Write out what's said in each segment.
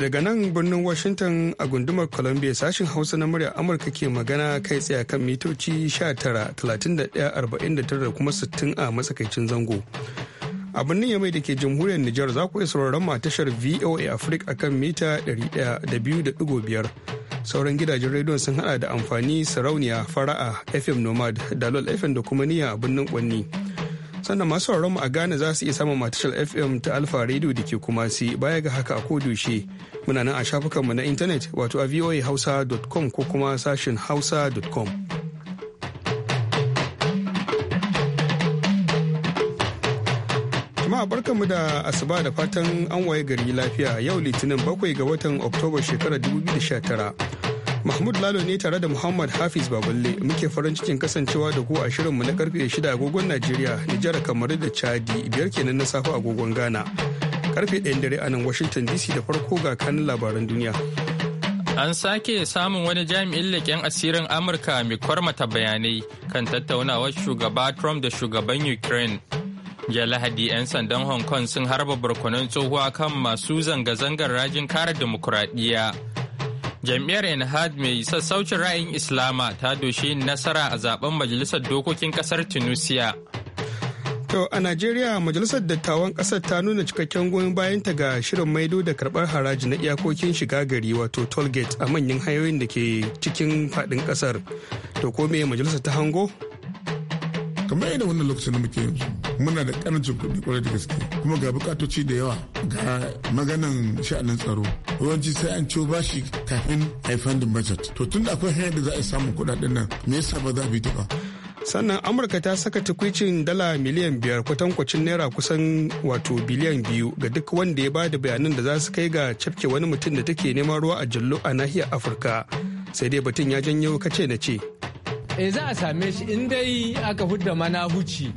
Daga nan birnin Washington a gundumar Columbia sashen Hausa na murya Amurka ke magana kai tsaye kan mitoci 19,31,49 da kuma 60 a matsakaicin zango. A birnin Yamai da ke jamhuriyar niger za ku iya sauraron ma tashar VOA Africa akan mita 100.5. Sauran gidajen rediyon sun hada da amfani sarauniya fara'a FM Nomad, Dalol FM da kuma niyya a birnin Kwanni. sannan masu mu a Ghana za su iya samun matashar FM ta Alfa Radio da ke kuma si baya ga haka a kodoshe muna nan a shafukanmu na intanet wato a voahausa.com ko kuma sashin hausa.com. jama'a barkanmu da asuba da fatan an waye gari lafiya yau litinin bakwai ga watan oktoba shekarar 2019 Mahmud Lalo ne tare da Muhammad Hafiz Baballe muke farin cikin kasancewa da ku a mu na karfe 6 agogon Najeriya, Nijar, kamar da Chadi, biyar kenan na safe agogon Ghana. Karfe 1 dare a nan Washington DC da farko ga kanin labaran duniya. An sake samun wani jami'in leƙen asirin Amurka mai kwarmata bayanai kan tattaunawar shugaba Trump da shugaban Ukraine. ya lahadi 'yan sandan hong kong sun harba barkonon tsohuwa kan masu zanga-zangar rajin kare demokuraɗiyya jam'iyyar enhad mai sassaucin ra'ayin islama ta doshi nasara a zaben majalisar dokokin kasar tunisia to a najeriya majalisar dattawan kasar ta nuna cikakken goyon ta ga shirin maido da karbar haraji na iyakokin shiga gari wato tollgate a manyan hanyoyin da ke cikin fadin kasar to ko me majalisar ta hango kamar yadda wannan lokacin da muke yanzu muna da karancin kuɗi kwarai da gaske kuma ga bukatoci da yawa ga maganan sha'anin tsaro yawanci sai an ciwo bashi kafin haifan da budget to tun da akwai hanyar da za a samu kuɗaɗen nan me yasa ba za a bi ta ba sannan amurka ta saka tukwicin dala miliyan biyar kwatankwacin naira kusan wato biliyan biyu ga duk wanda ya bada bayanan da za su kai ga cafke wani mutum da take neman ruwa a jallo a nahiyar afirka sai dai batun ya janyo kace na ce eh za a same shi in dai aka hudda mana huci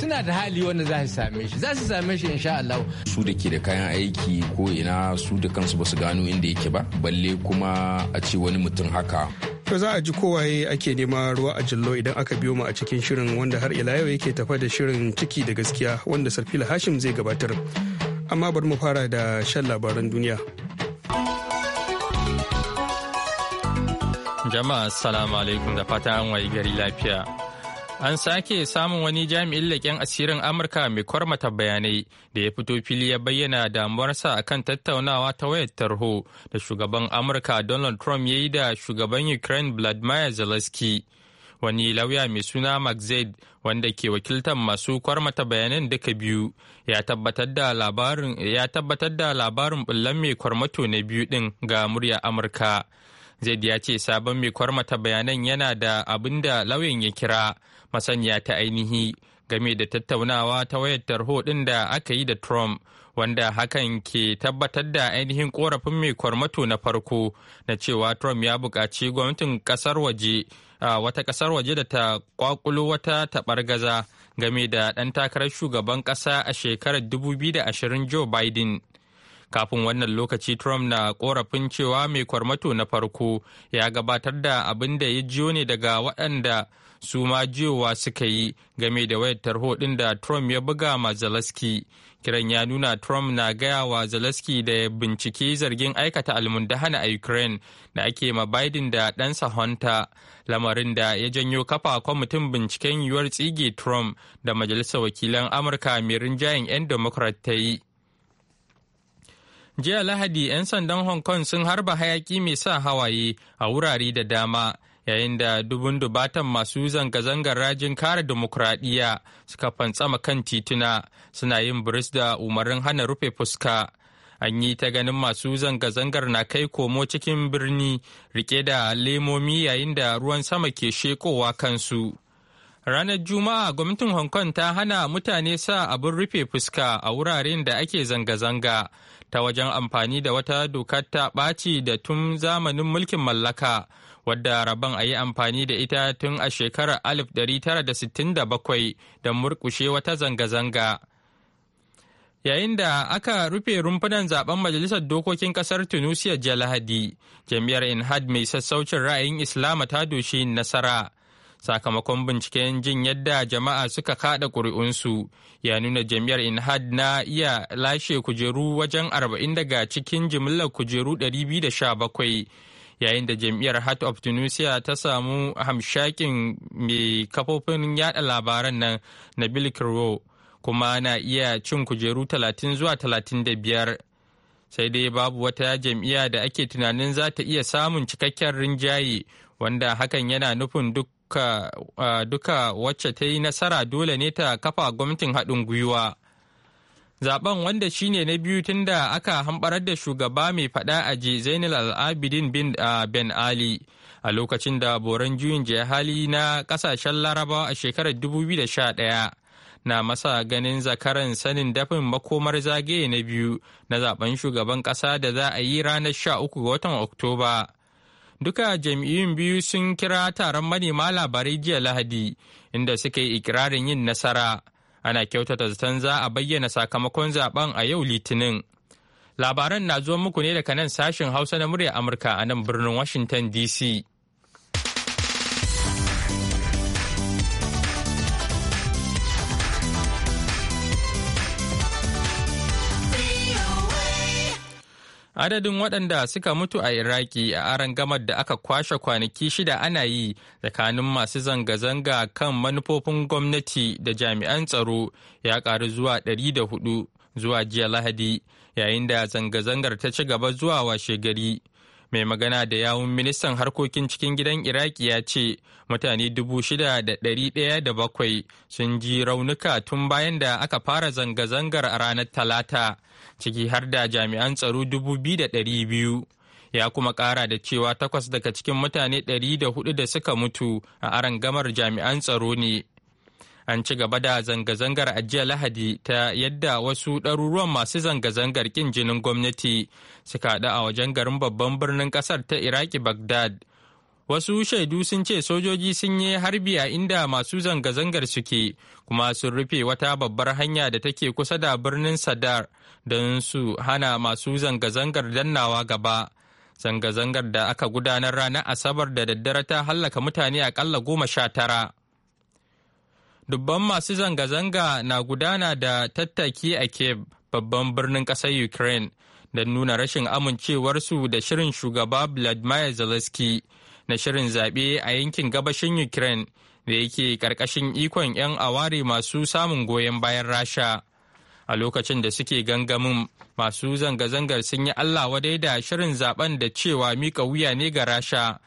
suna da hali wanda za su same shi za su same shi insha Allah su da ke da kayan aiki ko ina su da kansu ba su gano inda yake ba balle kuma a ce wani mutum haka to za a ji kowaye ake nema ruwa a jallo idan aka biyo mu a cikin shirin wanda har ila yau yake tafa da shirin ciki da gaskiya wanda sarfila hashim zai gabatar amma bar mu fara da shan labaran duniya Jama'a assalamu alaikum da fata an wayi gari lafiya. An sake samun wani jami'in leƙen asirin Amurka mai kwarmata bayanai da ya fito fili ya bayyana damuwarsa kan tattaunawa ta wayar tarho da shugaban Amurka Donald Trump ya yi da shugaban Ukraine Vladimir Zelensky. wani lauya mai suna Mark Zaid wanda ke wakiltar masu kwarmata bayanan duka biyu ya tabbatar da labarin bullan mai kwarmato na biyu din ga murya Amurka zaid ya ce sabon mai kwarmata bayanan yana da abin da lauyan ya kira masaniya ta ainihi game da tattaunawa ta wayar tarho ɗin da aka yi da trump wanda hakan ke tabbatar da ainihin korafin mai kwarmato na farko na cewa trump ya buƙaci gwamnatin ƙasar waje wata ƙasar waje da ta kwakulo wata taɓargaza game da ɗan takarar shugaban ƙasa a shekarar 2020 joe biden kafin wannan lokaci trump na korafin cewa mai kwarmato na farko ya gabatar da abin da ya jiyo ne daga waɗanda su ma jiyowa suka yi game da wayar tarho ɗin da trump ya buga ma zelensky kiran ya nuna trump na gaya wa zelensky da ya bincike zargin aikata almundahana a ukraine da ake ma biden da ɗansa hunter lamarin da ya janyo kafa kwamitin binciken yiwuwar tsige trump da majalisar wakilan amurka mai rinjayen 'yan democrat ta yi jiya lahadi 'yan sandan hong kong sun harba hayaki mai sa hawaye a wurare da dama yayin da dubun dubatan masu zanga-zangar rajin kare demokuraɗiyya suka fantsama kan tituna suna yin buris da umarnin hana rufe fuska an yi ta ganin masu zanga-zangar na kai komo cikin birni rike da lemomi yayin da ruwan sama ke shekowa kansu ranar juma'a gwamnatin hong kong ta hana mutane sa abin rufe fuska a wuraren da ake zanga-zanga ta wajen amfani da wata dokar ta ɓaci da tun zamanin mulkin mallaka wadda rabon a yi amfani da ita tun a shekarar 1967 da murkushe wata zanga-zanga. Yayin da aka rufe rumfunan zaben Majalisar Dokokin Kasar Tunisia jiya jam'iyyar Inhad mai sassaucin ra'ayin Islama ta doshi nasara sakamakon binciken jin yadda jama'a suka kada ƙuri'unsu ya nuna jam'iyyar inhad na iya lashe kujeru wajen arba'in daga cikin jimillar kujeru 217 yayin da jam'iyyar heart of tunisia ta samu hamshakin mai kafofin yada labaran nan na bill kuma na iya cin kujeru 30 zuwa 35 sai dai babu wata jam'iyya da ake tunanin za ta iya samun cikakken rinjaye wanda hakan yana nufin duk duka, uh, duka wacce ta yi nasara dole ne ta kafa gwamnatin haɗin gwiwa. Zaben wanda shine na biyu tun da aka hambarar da shugaba mai faɗa a je Zainal Al'abidin bin uh, Ben Ali a lokacin da boran juyin hali na ƙasashen Larabawa a shekarar 2011. na masa ganin zakaran sanin dafin makomar zagaye na biyu na zaben shugaban ƙasa da za a yi ranar 13 ga watan Oktoba. duka jam'iyyun biyu sun kira taron manema labarai jiya lahadi inda suka yi ikirarin yin nasara ana kyautata zaton za a bayyana sakamakon zaben a yau litinin labaran na zuwa muku ne daga nan sashen hausa na murya amurka a nan birnin washington dc Adadin waɗanda suka mutu a Iraki a aron gamar da aka kwashe kwanaki shida ana yi tsakanin masu zanga-zanga kan manufofin gwamnati da jami'an tsaro ya ƙaru zuwa 104 zuwa jiya Lahadi, yayin da zanga-zangar ta ci gaba zuwa washe gari. mai magana da yawun ministan harkokin cikin gidan iraki ya ce mutane dubu shida da ɗari ɗaya da bakwai sun ji raunuka tun bayan da aka fara zanga-zangar a ranar talata ciki har da jami'an tsaro dubu biyu da dari biyu ya kuma kara da cewa takwas daga cikin mutane ɗari da hudu da suka mutu a arangamar jami'an tsaro ne an ci gaba da zanga-zangar a lahadi ta yadda wasu ɗaruruwan masu zanga-zangar ƙin jinin gwamnati suka haɗu a wajen garin babban birnin ƙasar ta iraki bagdad wasu shaidu sun ce sojoji sun yi harbi a inda masu zanga-zangar suke kuma sun rufe wata babbar hanya da take kusa da birnin sadar don su hana masu zanga-zangar dannawa gaba zanga-zangar da aka gudanar ranar asabar da daddare ta hallaka mutane akalla goma sha tara dubban masu zanga-zanga na gudana da tattaki a Kiev babban birnin ƙasar Ukraine don nuna rashin amincewarsu da shirin shugaba Vladimir Zelensky na shirin zaɓe a yankin gabashin Ukraine da yake ƙarƙashin ikon 'yan aware masu samun goyon bayan Rasha. A lokacin da suke gangamin masu zanga-zangar sun yi Allah wadai da shirin zaben da cewa mika wuya ne ga Rasha.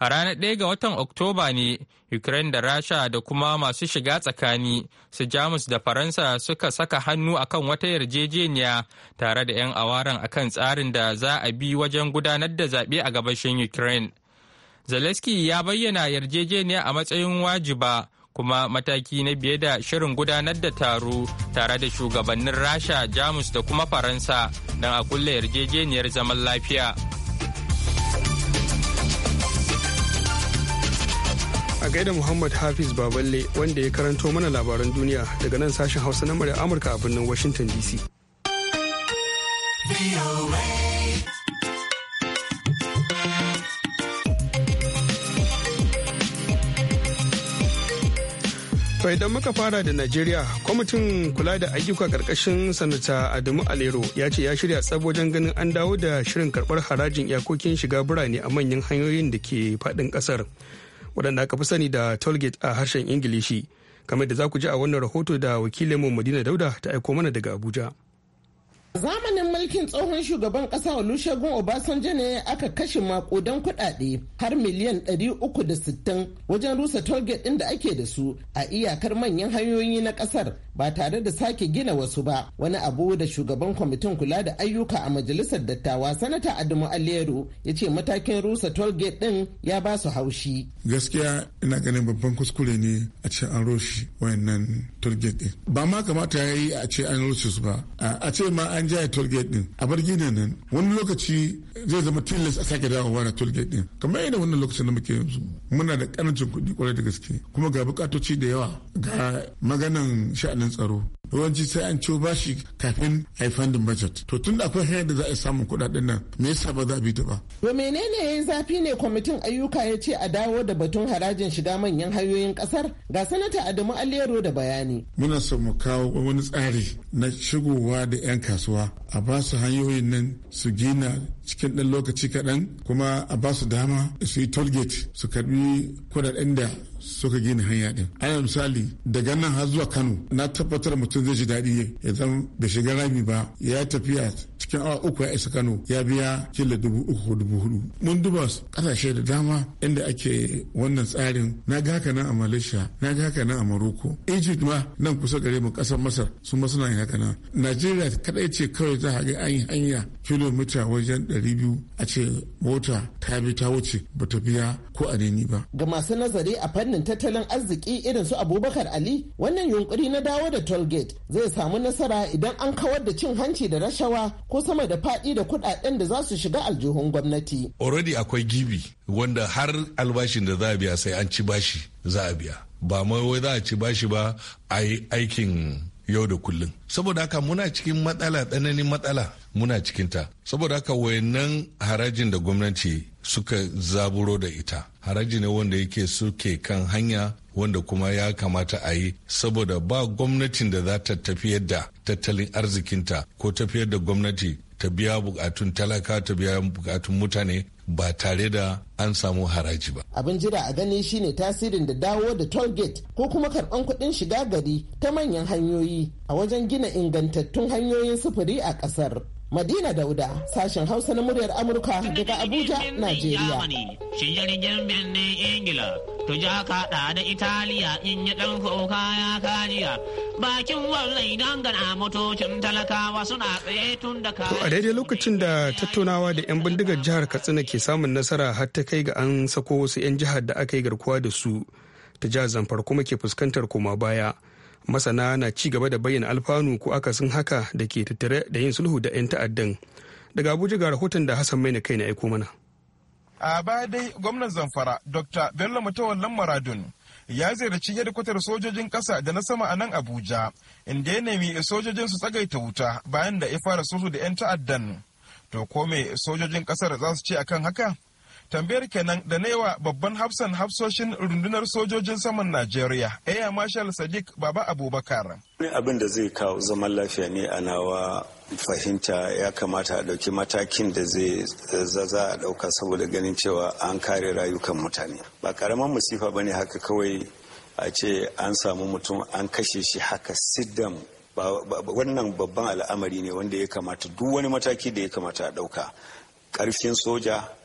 a ranar 1 ga watan oktoba ne ukraine da rasha da kuma masu shiga tsakani su jamus da faransa suka saka hannu akan wata yarjejeniya tare da 'yan awaran akan tsarin da za a bi wajen gudanar da zaɓe a gabashin ukraine zelensky ya bayyana yarjejeniya a matsayin wajiba kuma mataki na biye da shirin gudanar da taro tare da shugabannin rasha jamus da kuma faransa don a kulle yarjejeniyar zaman lafiya. a gaida Muhammad Hafiz Baballe wanda ya karanto mana labaran duniya daga nan sashen Hausa na murya Amurka a birnin Washington DC. To idan muka fara da Najeriya, kwamitin kula da ayyuka karkashin sanata Adamu Alero ya ce ya shirya tsab wajen ganin an dawo da shirin karbar harajin iyakokin shiga birane a manyan hanyoyin da ke faɗin ƙasar. waɗanda aka fi sani da tollgate a harshen ingilishi kamar da za ku ji a wannan rahoto da wakilinmu madina dauda ta aiko mana daga abuja Zamanin mulkin tsohon shugaban kasa Olusegun Obasanjo ne aka kashe makudan kudade har miliyan 360 wajen rusa target ɗin da ake da su a iyakar manyan hanyoyi na kasar ba tare da sake gina wasu ba wani abu da shugaban kwamitin kula da ayyuka a majalisar dattawa sanata Adamu aliyaru ya ce matakin rusa gate ɗin ya ba su haushi. Gaskiya ina ganin babban kuskure ne a ce an roshi wayannan gate din Ba ma kamata ya yi a ce an rushe su ba. A ce ma an an jaya tollgate din a bar ginin nan wani lokaci zai zama tilas a sake dawowa na tolgate din kamar yadda wannan lokacin da muke yanzu muna da karancin kuɗi kwarai da gaske kuma ga bukatoci da yawa ga maganan sha'anin tsaro yawanci sai an ciwo bashi kafin a yi fandin budget to tun da akwai hanyar da za a yi kuɗaɗen nan me yasa ba za a bi ta ba. to menene ya yi zafi ne kwamitin ayyuka ya ce a dawo da batun harajin shiga manyan hanyoyin kasar ga sanata adamu alero da bayani. muna so mu kawo wani tsari na shigowa da 'yan kasuwa a ba su hanyoyin nan su gina cikin ɗan lokaci kaɗan kuma a ba su dama su yi tollgate su karbi kuɗaɗen da suka gina hanya din ana misali daga nan har zuwa kano na tabbatar mutum zai ji daɗi ya zama bai shiga rami ba ya tafiya cikin awa uku ya isa kano ya biya kila dubu uku ko dubu hudu mun duba kasashe da dama inda ake wannan tsarin na ga haka nan a malaysia na ga haka nan a maroko egypt ma nan kusa gare mu kasar masar su ma suna yin haka nan najeriya kaɗai ce kawai za a ga an yi hanya kilomita wajen ɗari biyu a ce mota ta bi ta wuce ba ta biya ko a ba ga masu nazari a fannin masanin tattalin arziki irin su abubakar ali wannan yunkuri na dawo da tollgate zai samu nasara idan an kawar da cin hanci da rashawa ko sama da faɗi da kuɗaɗen da za su shiga aljihun gwamnati already akwai gibi wanda har albashin da za a biya sai an ci bashi za a biya ba mai wai za a ci bashi ba a yi aikin yau da kullum saboda haka muna cikin matsala tsananin matsala muna cikinta saboda haka wayannan harajin da gwamnati suka zaburo da ita haraji ne wanda yake suke kan hanya wanda kuma ya kamata a yi saboda ba gwamnatin da za ta tafiyar da tattalin arzikinta ko tafiyar da gwamnati ta biya bukatun talaka ta biya bukatun mutane ba tare da an samu haraji ba. Abin jira a gani shine tasirin da dawo da toll gate ko kuma karɓan kuɗin shiga gari ta manyan hanyoyi a wajen gina ingantattun hanyoyin sufuri a ƙasar. Madina Dauda, sashen Hausa na muryar Amurka daga Abuja, Najeriya. Shi jirgin birnin Ingila, to ja kaɗa da Italiya in yi ɗan kuka ya kajiya. Bakin wallai dangana motocin talakawa suna tsaye tun da To a daidai lokacin da tattaunawa da 'yan bindigar jihar Katsina ke samun nasara har ta kai ga an sako wasu 'yan jihar da aka yi garkuwa da su ta jihar Zamfara kuma ke fuskantar koma baya. masana na ci gaba da bayyana alfanu ko akasin haka da ke tattare da yin sulhu da 'yan ta'addan daga abuja ga rahoton da hassan mai na kai na aiko mana a baya dai gwamnan zamfara dr bello mutawallan muradun ya ziyarci hedikwatar sojojin kasa da na sama a nan abuja inda ya nemi sojojin su tsagaita wuta bayan da ya fara sulhu da 'yan ta'addan to ko me sojojin ƙasar za su ce akan haka tambayar kenan da na yawa babban hafsan hafsoshin rundunar sojojin saman najeriya air marshal sadiq baba abubakar wani abin da zai kawo zaman lafiya ne a nawa fahimta ya kamata a ɗauki matakin da zai za a ɗauka saboda ganin cewa an kare rayukan mutane ba karamar musifa ba ne haka kawai a ce an samu mutum an kashe shi haka siddam wannan babban al'amari ne wanda ya kamata duk wani mataki da ya kamata a ɗauka ƙarfin soja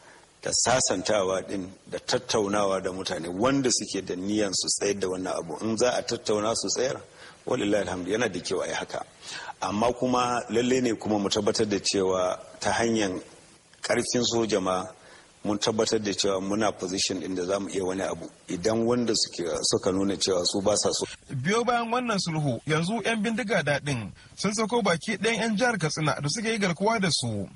da sasantawa din da tattaunawa da mutane wanda suke da niyan su tsayar da wannan abu in za a tattauna su tsayar walillahi alhamdu yana da kyau a yi haka amma kuma lalle ne kuma mu tabbatar da cewa ta hanyar karfin soja ma mun tabbatar da cewa muna position din da zamu iya wani abu idan wanda suka nuna cewa su ba sa so. biyo bayan wannan sulhu yanzu 'yan bindiga daɗin sun sako baki ɗayan 'yan jihar katsina da suke yi garkuwa da su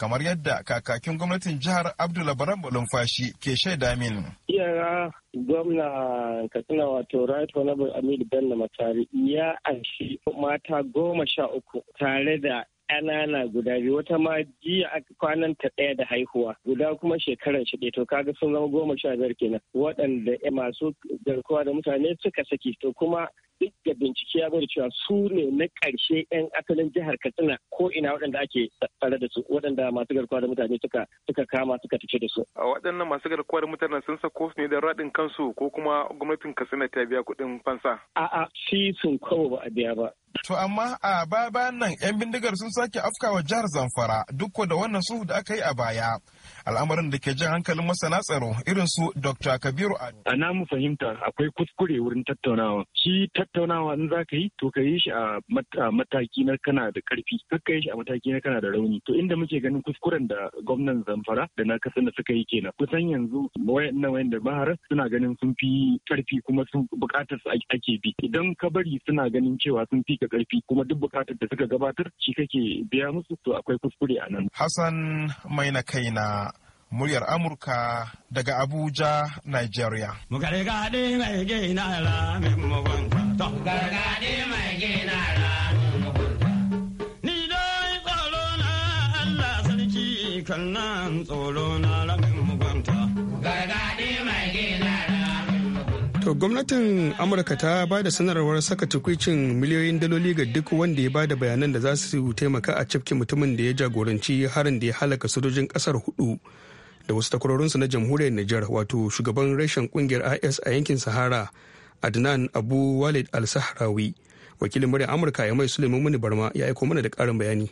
kamar yadda kakakin gwamnatin jihar Abdulabaran Balumfashi ke shaida min. iyara gwamna Katsina wato Right Honorable Aminu Bello Matari ya anshi mata goma sha uku tare da ƙanana guda biyu wata ma jiya kwanan ta ɗaya da haihuwa guda kuma shekaran shi to kaga sun zama goma sha biyar kenan waɗanda masu garkuwa da mutane suka saki to kuma duk da bincike ya gwada cewa su ne na ƙarshe 'yan asalin jihar katsina ko ina waɗanda ake tsare da su waɗanda masu garkuwa da mutane suka suka kama suka tafi da su. a waɗannan masu garkuwa da mutane sun sako su ne da raɗin kansu ko kuma gwamnatin katsina ta biya kuɗin fansa. a'a shi sun kawo ba a biya ba To amma a baya bayan nan 'yan bindigar sun sake afka wa jihar Zamfara duk da wannan su da aka yi a baya. Al'amarin da ke jan hankalin masana tsaro irin su Dr. Kabiru Ado. A namu fahimta akwai kuskure wurin tattaunawa. Shi tattaunawa in za ka yi to ka yi shi a mataki na kana da karfi, ka yi shi a mataki na kana da rauni. To inda muke ganin kuskuren da gwamnan Zamfara da na kasan da suka yi kenan. Kusan yanzu wayannan da bahar suna ganin sun fi karfi kuma sun bukatar su ake bi. Idan ka bari suna ganin cewa sun fi da karfi kuma duk bukatar da suka gabatar shi kake biya musu to akwai kuskure a nan. Hassan mai na kaina muryar Amurka daga Abuja, Nigeria. Gargaɗi mai gina ra mai mugunta. Gargaɗi mai gina ra Ni don tsoro na Allah sarki kan nan tsoro na. To gwamnatin Amurka ta ba da sanarwar saka tukwicin miliyoyin daloli ga duk wanda ya ba da bayanan da za su taimaka a cafke mutumin da ya jagoranci harin da ya halaka sojojin kasar hudu da wasu takwarorinsu na jamhuriyar Nijar wato shugaban reshen kungiyar IS a yankin Sahara Adnan Abu Walid Al-Sahrawi. Wakilin murya Amurka ya mai Suleiman Muni Barma ya aiko mana da ƙarin bayani.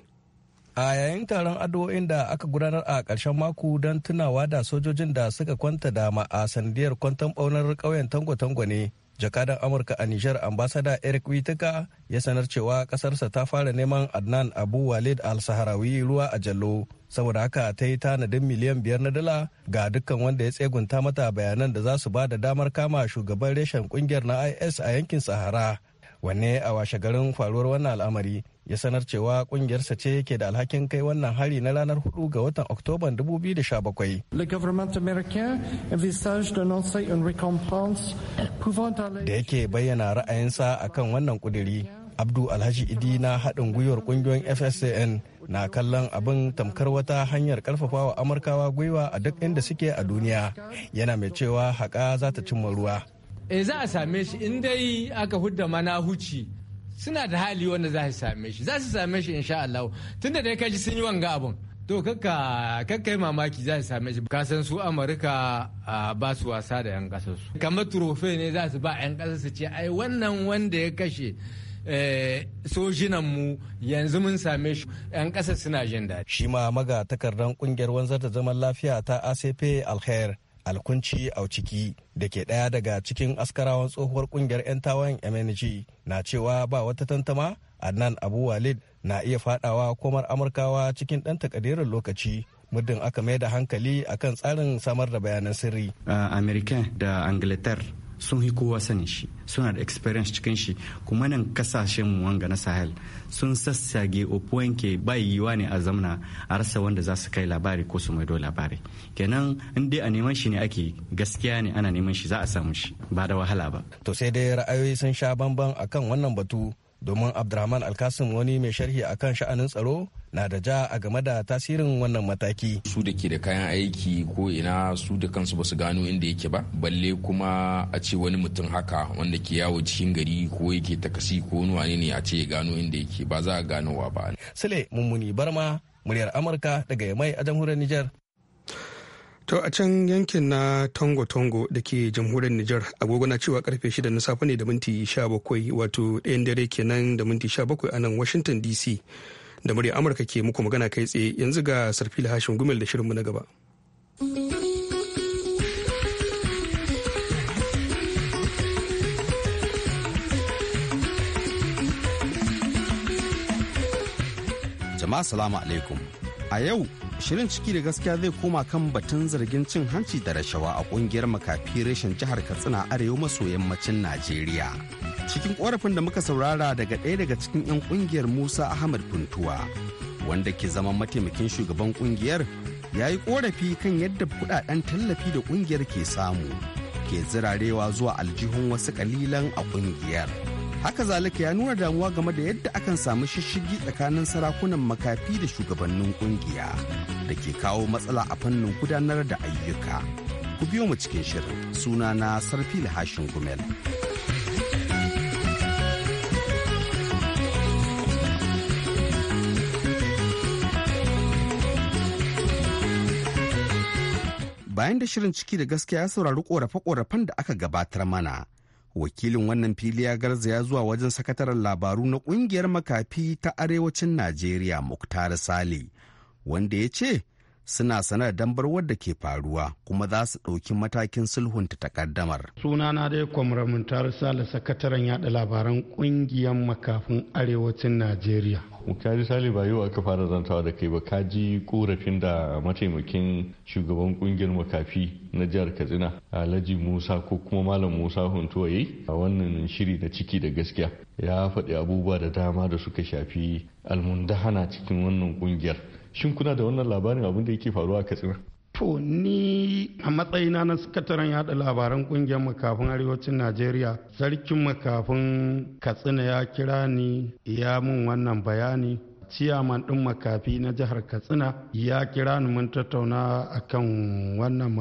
a yayin taron addu'o'in da aka gudanar a ƙarshen mako don tunawa da sojojin da suka kwanta dama a sandiyar kwantan ɓaunar ƙauyen tango-tango ne jakadan amurka a nijar ambasada eric witeka ya sanar cewa ƙasarsa ta fara neman adnan abu walid al-saharawi ruwa a jallo saboda haka ta yi tanadin miliyan biyar na dala ga dukkan wanda ya tsegunta mata bayanan da za su ba da damar kama shugaban reshen kungiyar na is a yankin sahara wanne a washe garin faruwar wannan al'amari ya sanar cewa kungiyarsa ce yake da alhakin kai wannan hari na ranar 4 ga watan Oktoban 2017. da yake bayyana ra'ayinsa a kan wannan kuduri. Abdu Alhaji Idi na haɗin gwiwar ƙungiyoyin FSCN na kallon abin tamkar wata hanyar ƙarfafa wa Amurkawa gwiwa a duk inda suke a duniya. Yana mai cewa haƙa za ta cimma ruwa. E za a same shi in dai aka hudda mana huci suna da hali wanda za su same shi za su same shi insha Allah tunda dai kaji sun yi wanga abun to kakka kakka mamaki za su same shi ka san su Amurka ba su wasa da yan kasar su kamar trofe ne za su ba yan kasar su ce ai wannan wanda ya kashe eh, sojinan mu yanzu mun same shi yan kasar suna jin daɗi shi ma maga takardar kungiyar wanzar da zaman lafiya ta ACP Alkhair alkunci a ciki da ke ɗaya daga cikin askarawan tsohuwar kungiyar 'yan tawayen mng na cewa ba wata tantama adnan abu walid na iya fadawa komar amurkawa cikin ɗan takadirin lokaci muddin aka mai da hankali akan tsarin samar da bayanan sirri. amerika da angleterre sun yi kowa sanin shi suna da experience cikin shi kuma nan kasashen wanga na sahel sun sassage opoin ke bai yiwa ne a zamna a rasa wanda za su kai labari ko su maido labari kenan in dai a neman shi ne ake gaskiya ne ana neman shi za a samu shi ba da wahala ba to sai dai ra'ayoyi sun sha bamban akan wannan batu domin abdurrahman alkasim wani mai sharhi akan sha'anin tsaro na da ja a game da tasirin wannan mataki su da ke da kayan aiki ko ina su da kansu ba su gano inda yake ba balle kuma a ce wani mutum haka wanda ke yawo cikin gari ko yake takasi ko wani ne a ce ya gano inda yake ba za a ganowa ba sule mummuni barma muryar amurka daga yamai a jamhuriyar niger To a can yankin na Tongo Tongo da ke jamhuriyar Nijar agogo na cewa karfe 6 na safe ne da minti 17 wato ɗayan dare kenan da minti 17 a nan Washington DC da murya Amurka ke muku magana kai tsaye yanzu ga Sarfila Hashin Gumel da shirinmu na gaba. Jama'a salamu alaikum. A yau Shirin ciki da gaskiya zai koma kan batun zargin cin hanci da rashawa a kungiyar makafi reshen jihar Katsina arewa maso yammacin Najeriya. Cikin korafin da muka saurara daga ɗaya daga cikin 'yan kungiyar Musa Ahmad Funtuwa, wanda ke zama mataimakin shugaban kungiyar, ya yi korafi kan yadda kudaden tallafi da kungiyar ke samu, ke zirarewa zuwa aljihun wasu kalilan a kungiyar. haka zalika ya nuna damuwa game da yadda akan samu shishigi tsakanin sarakunan makafi da shugabannin kungiya da ke kawo matsala a fannin gudanar da ayyuka ku biyo mu cikin shirin suna na sarfi hashin gumel bayan da shirin ciki da gaskiya ya saurari korafe-korafen da aka gabatar mana wakilin wannan fili ya garza ya zuwa wajen sakataren labaru na kungiyar makafi ta arewacin najeriya muktar sale wanda ya ce suna sanar dambar wadda ke faruwa kuma za su ɗauki matakin sulhunta takaddamar. sunana dai kwamramintar sale sakataren yada labaran ƙungiyar makafin arewacin najeriya kaji sale ba yau aka fara zantawa da kai ba kaji korafin da mataimakin shugaban kungiyar makafi na jihar katsina alhaji musa ko kuma malam musa huntuwa yi a wannan shiri na ciki da gaskiya ya faɗi abubuwa da dama da suka shafi almundahana cikin wannan kungiyar shin kuna da wannan labarin abin da yake faruwa a katsina to ni a matsayina na sakataren yada labaran kungiyar makafin arewacin najeriya sarkin makafin katsina ya kira ni ya mun wannan bayani ciyaman ɗin makafi na jihar katsina ya kira ni mun tattauna akan wannan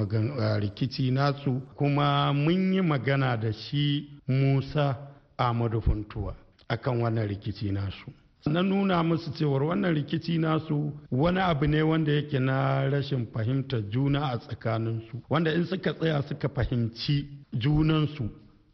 rikici nasu kuma mun yi magana da shi musa amadu funtuwa akan wannan rikici nasu na nuna musu cewar wannan rikici nasu wani abu ne wanda yake na rashin fahimtar juna a tsakaninsu wanda in suka tsaya suka fahimci junansu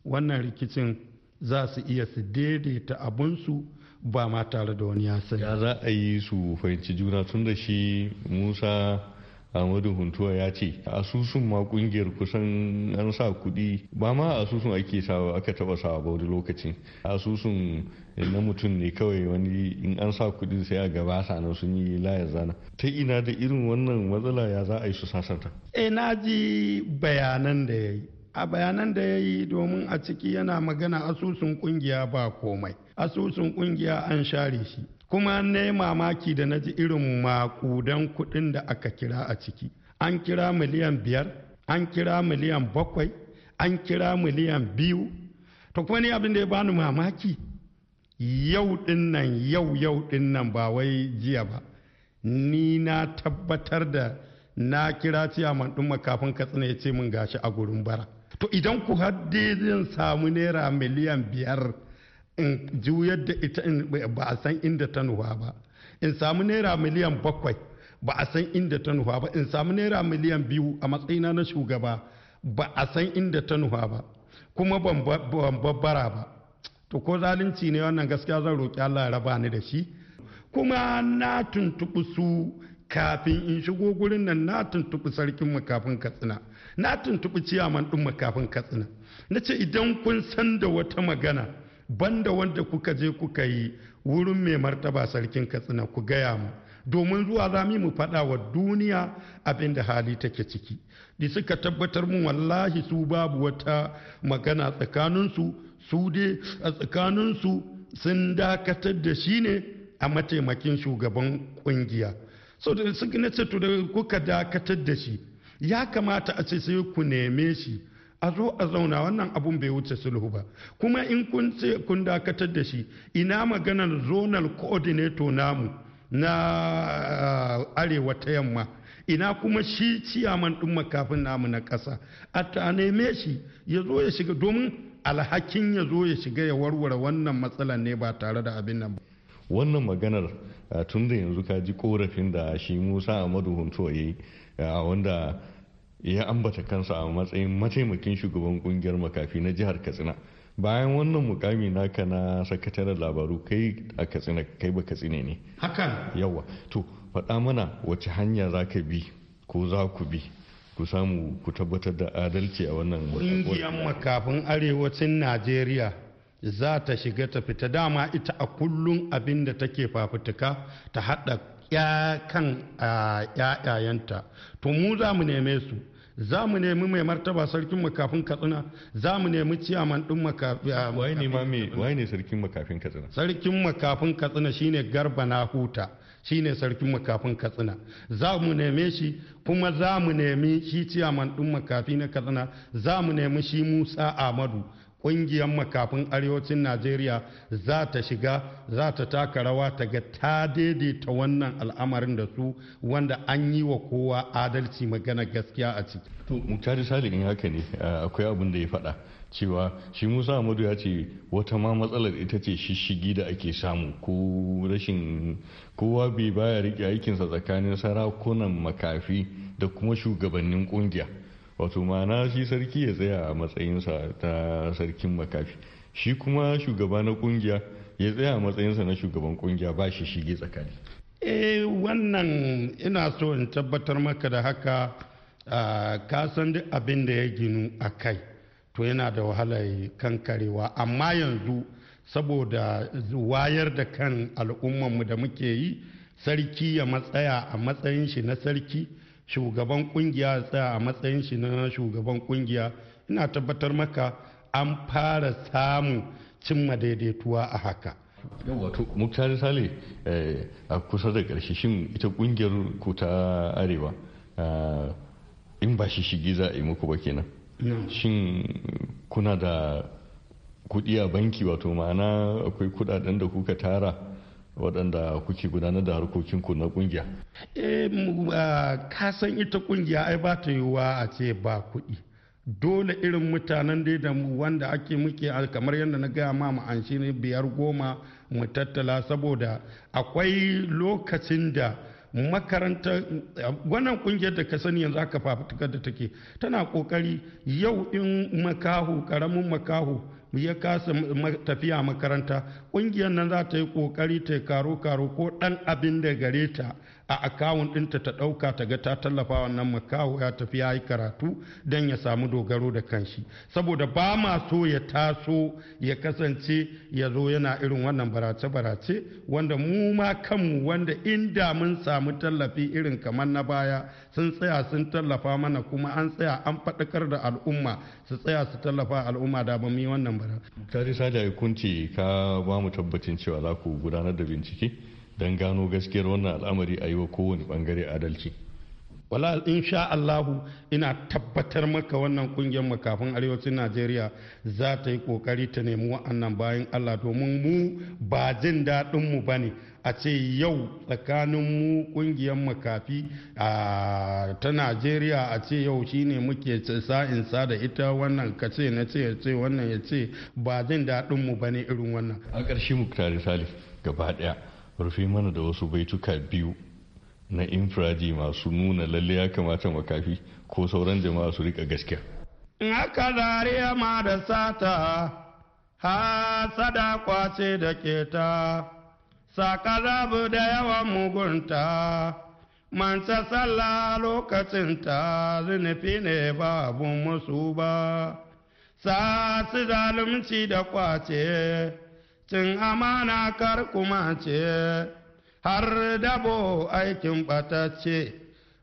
wannan rikicin za su iya su daidaita abunsu ba ma tare da wani ya sani. Ya za a yi su fahimci juna tun da shi Musa Ahmadu Huntuwa ya ce asusun ma kungiyar kusan an sa kuɗi ba ma asusun ake sawa aka taba sawa ba wani lokacin asusun na mutum ne kawai wani in an sa kuɗi sai a gaba sana sun yi layar zana ta ina da irin wannan matsala ya za a yi su sasanta. eh na ji bayanan da ya yi a bayanan da ya yi domin a ciki yana magana asusun kungiya ba komai asusun kungiya an share shi kuma ne mamaki da na ji irin makudan kuɗin da aka kira a ciki an kira miliyan biyar an kira miliyan bakwai an kira miliyan biyu to kuma ne abin da ya bani mamaki yau ɗin nan yau yau ɗin nan ba wai jiya ba ni na tabbatar da na kira ciyaman ɗin makafin katsina ya ce min gashi a gurin bara to idan ku hadde zan samu naira miliyan biyar in juyar da ita ba a san inda ta nufa ba in samu naira miliyan bakwai ba a san inda ta nufa ba in samu naira miliyan biyu a matsayina na shugaba ba a san inda ta nufa ba kuma ban babbara ba to ko zalunci ne wannan gaskiya zan roƙi Allah ya raba ni da shi kuma na tuntuɓi su kafin in shigo gurin nan na tuntuɓi sarkin mu kafin katsina na tuntuɓi ciyaman ɗin mu kafin katsina na ce idan kun san da wata magana banda wanda kuka je kuka yi wurin mai martaba sarkin katsina ku gaya mu domin zuwa za mu faɗa wa duniya abin da hali take ciki da suka tabbatar mu wallahi su babu wata magana tsakaninsu su dai a tsakaninsu sun dakatar da shi ne a mataimakin shugaban kungiya so da da kuka dakatar da shi ya kamata a ce sai ku neme shi a zo a zauna wannan abun bai wuce sulhu ba kuma in kun ce kun dakatar da shi ina maganar zonal coordinator namu na uh, arewa ta yamma ina kuma shi ciyaman ɗin makafin namu na ƙasa a neme shi ya zo ya shiga domin alhakin ya zo ya shiga ya warware wannan matsalar ne ba tare da abin nan ba wannan maganar uh, tun da yanzu ka ji korafin da shi musa amadu hunto ya yi uh, wanda ya ambata kansa a matsayin mataimakin shugaban kungiyar makafi na jihar katsina bayan wannan mukami naka na sakatare labaru kai a katsina kai ba katsina ne hakan yawa to faɗa mana wace hanya za ka bi ko za ku bi ku samu ku tabbatar da adalci a wannan kungiyar makafin arewacin najeriya za ta shiga ta fita dama ita a kullum abin da take fafutuka ta haɗa kan ‘ya'yayanta to mu za mu neme su za mu nemi mai martaba sarkin makafin katsina za mu nemi ciyaman din makafin wai ne sarkin makafin katsina sarkin makafin katsina shine garba na huta shine sarkin makafin katsina za mu neme shi kuma za mu nemi shi ciyaman din makafi na katsina za mu nemi shi musa amadu kungiyar makafin arewacin najeriya za ta shiga za ta taka rawa ta ga ta daidaita wannan al'amarin da su wanda an yi wa kowa adalci magana gaskiya a ciki to muktari salihin haka ne akwai abin da ya faɗa cewa shi musa amadu ya ce wata ma matsalar ita ce shishigi da ake samu ko rashin kowa bai baya rike aikinsa tsakanin sarakunan makafi da kuma shugabannin kungiya wato ma'ana shi sarki ya tsaya a matsayinsa ta sarkin makafi shi kuma shugaba na kungiya ya tsaya a matsayinsa na shugaban kungiya ba shi shige tsakani eh wannan ina so in tabbatar maka da haka ka san duk abin da ya ginu a kai to yana da wahalar kankarewa amma yanzu saboda wayar da kan al'ummanmu da muke yi sarki ya matsaya a matsayin shi na sarki shugaban kungiya tsaya a matsayin shi na shugaban kungiya ina tabbatar maka an fara samun cimma daidaituwa a haka yau sale eh, a kusa da karshe shin ita kungiyar ku ta arewa eh, in ba shi shigi za a yi muku ba kenan shin kuna da kuɗi a banki wato ma'ana akwai kuɗaɗen da kuka tara waɗanda kuke gudanar da harkokinku na kungiya? Eh, ka san ita ƙungiya ai ba ta yiwuwa a ce ba kuɗi. Dole irin mutanen dai da wanda ake muke kamar yadda na gaya ma an shi ne biyar goma mu tattala saboda akwai lokacin da makaranta wannan kungiyar da ka sani yanzu aka fafutukar da take tana kokari yau in makahu karamin makahu ya kasa tafiya makaranta ƙungiyar nan za ta yi ƙoƙari ta karo karo ko ɗan abin da gare ta a akawun ɗinta ta ɗauka ta ga ta tallafa wannan makaho ya tafi ya yi karatu don ya samu dogaro da kanshi saboda ba ma so ya taso ya kasance ya zo yana irin wannan barace-barace wanda mu ma kanmu wanda inda mun samu tallafi irin kamar na baya sun tsaya sun tallafa mana kuma an tsaya an faɗakar da al'umma su tsaya su tallafa al'umma da ba mu yi wannan bara. ka ba mu tabbacin cewa za ku gudanar da bincike. don gano gaskiyar wannan al'amari a yi wa kowane bangare adalci wala in sha Allahu ina tabbatar maka wannan kungiyar makafin arewacin Najeriya za ta yi kokari ta nemi wa'annan bayan Allah domin mu ba jin daɗin mu bane a ce yau tsakanin mu kungiyar makafi ta Najeriya a ce yau shine muke sa'in sa da ita wannan ka ce na ce ce wannan ya ce ba jin daɗin mu bane irin wannan a ƙarshe mu tare salif gaba ɗaya rufe mana da wasu baituka biyu na infiraji masu nuna lalle ya kamata makafi ko sauran jama'a su rika gaskiya. In haka zariya ma da sata, sada kwace da keta, saka rabu da yawan mugunta, manta lokacin ta zunufi ne babu abun musu ba, sa su zalunci da kwace. cin amana kar kuma ce har dabo aikin ɓatacce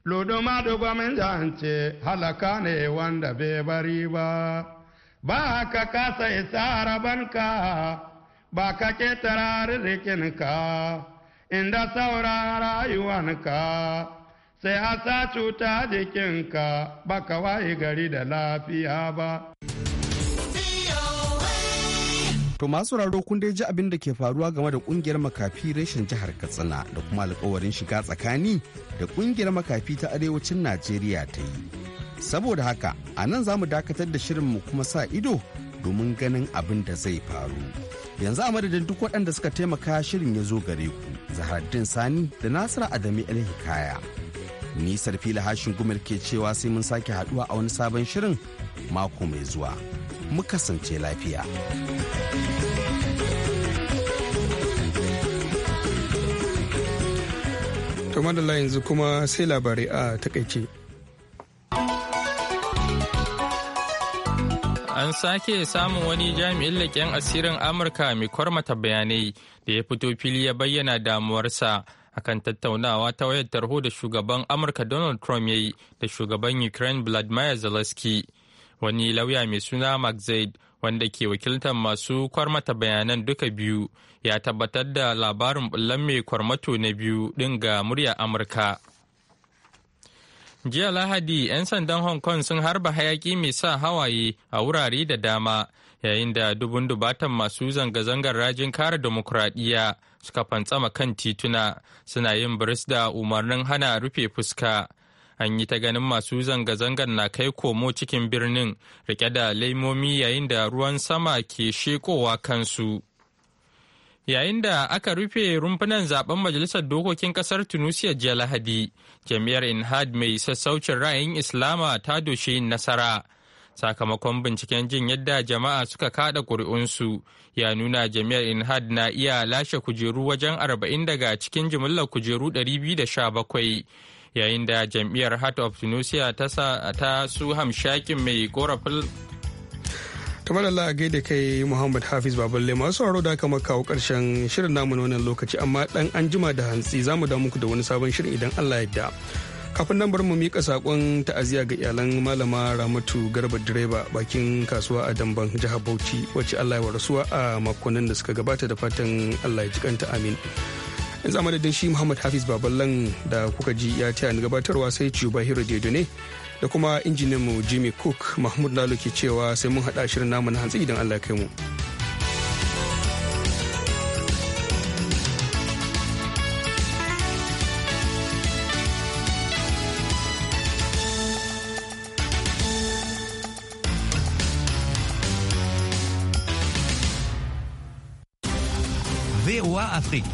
luduma dubamin zance halaka ne wanda bai bari ba ba ka kasa isa rabanka ba ka ketara rikinka inda saura rayuwanka sai a sa cuta jikinka ba ka wayi gari da lafiya ba. To masu raro kun dai ji abin da ke faruwa game da kungiyar makafi reshen jihar Katsina da kuma alkawarin shiga tsakani da kungiyar makafi ta arewacin Najeriya ta yi. Saboda haka a nan za mu dakatar da shirin mu kuma sa ido domin ganin abin da zai faru. Yanzu a madadin duk waɗanda suka taimaka shirin ya zo gare ku, Zaharaddin Sani da Nasiru Adami hikaya, Ni Sarfila Hashin Gumel ke cewa sai mun sake haɗuwa a wani sabon shirin mako mai zuwa. mu kasance lafiya. kamar yanzu kuma sai labarai a takaice. An sake samun wani jami'in leƙen asirin Amurka mai kwarmata bayanai da ya fito fili ya bayyana damuwarsa akan tattaunawa ta wayar tarho da shugaban Amurka Donald Trump ya yi da shugaban Ukraine Vladimir Zelensky. wani lauya mai suna mark zaid wanda ke wakiltar masu kwarmata bayanan duka biyu ya tabbatar da labarin bullan mai kwarmato na biyu ɗin ga murya amurka jiya lahadi 'yan sandan hong kong sun harba hayaki mai sa hawaye a wurare da dama yayin da dubun dubatan masu zanga-zangar rajin kare demokuraɗiyya suka fantsama kan tituna suna yin biris da umarnin hana rufe fuska an yi ta ganin masu zanga-zangar na kai komo cikin birnin rike da laimomi yayin da ruwan sama ke shekowa kansu yayin da aka rufe rumfunan zaben majalisar dokokin kasar tunisia jiya lahadi jami'ar inhad mai sassaucin ra'ayin islama ta doshe nasara sakamakon binciken jin yadda jama'a suka kada ƙuri'unsu ya nuna jami'ar inhad na iya lashe kujeru wajen arba'in daga cikin jimillar kujeru 217 yayin da jam'iyyar heart of tunisia ta sa ta su hamshakin mai korafin kamar Allah a gaida kai Muhammad Hafiz Baballe masu haro da aka kawo karshen shirin namu na wannan lokaci amma dan an jima da hantsi za mu da muku da wani sabon shirin idan Allah ya yarda. Kafin nan bari mu mika sakon ta'aziyya ga iyalan malama Ramatu Garba direba bakin kasuwa a Damban jihar Bauchi wacce Allah ya warasuwa a makonnin da suka gabata da fatan Allah ya jikanta amin. yanzu a madadin shi muhammad hafiz baballan da kuka ji ya taya ni gabatarwa sai cuba dedo ne da kuma injiniyan mu jimmy cook mahmud lalo ke cewa sai mun haɗa shirin namu na hantsi idan allah kai mu. Afrique.